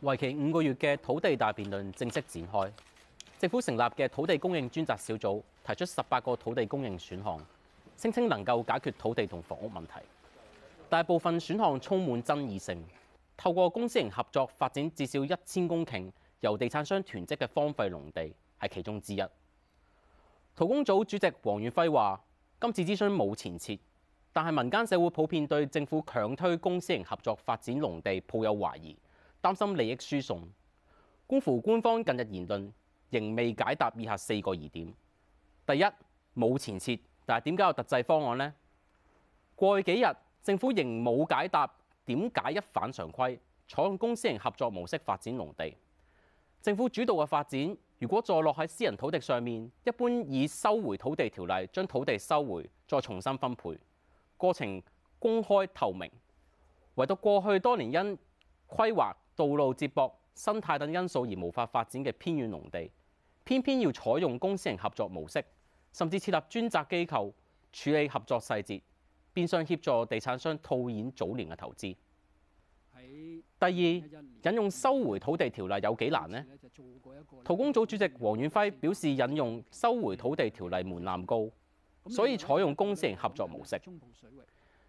為期五個月嘅土地大辯論正式展開。政府成立嘅土地供應專責小組提出十八個土地供應選項，聲稱能夠解決土地同房屋問題。大部分選項充滿爭議性。透過公私營合作發展至少一千公頃由地產商囤積嘅荒廢農地係其中之一。土供組主席黃遠輝話：今次諮詢冇前設，但係民間社會普遍對政府強推公私營合作發展農地抱有懷疑。擔心利益輸送，觀乎官方近日言論仍未解答以下四個疑點：第一，冇前設，但係點解有特製方案呢？過去幾日政府仍冇解答點解一反常規，採用公私營合作模式發展農地。政府主導嘅發展，如果坐落喺私人土地上面，一般以收回土地條例將土地收回，再重新分配，過程公開透明。唯獨過去多年因規劃、道路接駁、生態等因素而無法發展嘅偏遠農地，偏偏要採用公私營合作模式，甚至設立專責機構處理合作細節，變相協助地產商套現早年嘅投資。第二，引用收回土地條例有幾難呢？土供組主席黃遠輝表示，引用收回土地條例門檻高，所以採用公私營合作模式。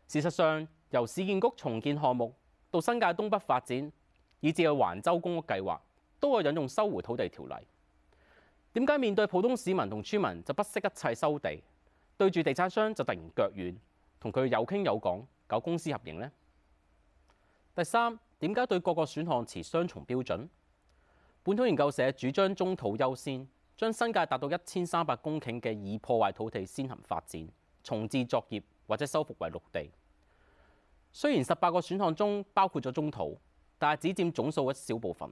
事實上，由市建局重建項目到新界東北發展。以至係橫洲公屋計劃都係引用收回土地條例。點解面對普通市民同村民就不惜一切收地，對住地產商就突然腳軟，同佢有傾有講，搞公私合營呢？第三，點解對各個選項持雙重標準？本土研究社主張棕土優先，將新界達到一千三百公頃嘅已破壞土地先行發展重置作業，或者修復為綠地。雖然十八個選項中包括咗棕土。但係只佔總數一小部分，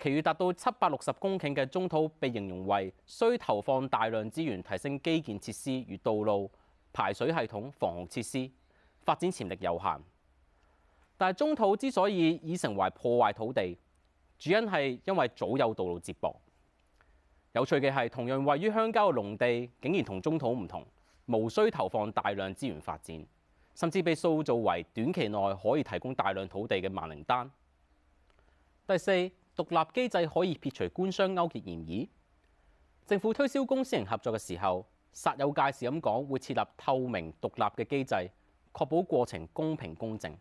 其餘達到七百六十公頃嘅中土被形容為需投放大量資源提升基建設施與道路、排水系統、防洪設施，發展潛力有限。但係中土之所以已成為破壞土地，主因係因為早有道路接駁。有趣嘅係，同樣位於鄉郊嘅農地竟然同中土唔同，無需投放大量資源發展，甚至被塑造為短期內可以提供大量土地嘅萬靈丹。第四，獨立機制可以撇除官商勾結嫌疑。政府推銷公私營合作嘅時候，煞有介事咁講，會設立透明獨立嘅機制，確保過程公平公正。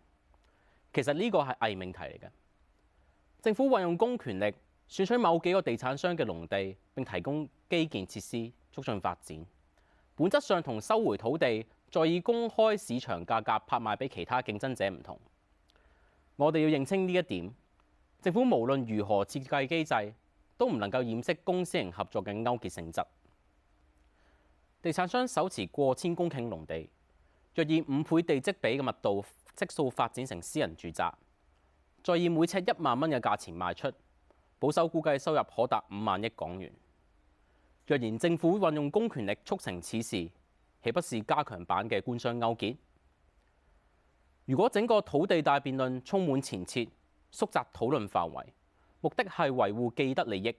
其實呢個係偽命題嚟嘅。政府運用公權力選取某幾個地產商嘅農地，並提供基建設施，促進發展，本質上同收回土地再以公開市場價格拍賣俾其他競爭者唔同。我哋要認清呢一點。政府無論如何設計機制，都唔能夠掩飾公私營合作嘅勾結性質。地產商手持過千公頃農地，若以五倍地積比嘅密度積數發展成私人住宅，再以每尺一萬蚊嘅價錢賣出，保守估計收入可達五萬億港元。若然政府運用公權力促成此事，豈不是加強版嘅官商勾結？如果整個土地大辯論充滿前設，縮窄討論範圍，目的係維護既得利益，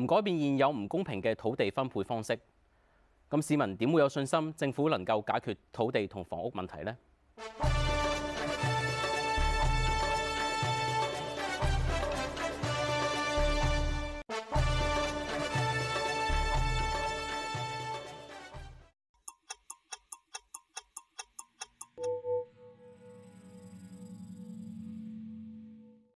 唔改變現有唔公平嘅土地分配方式。咁市民點會有信心政府能夠解決土地同房屋問題呢？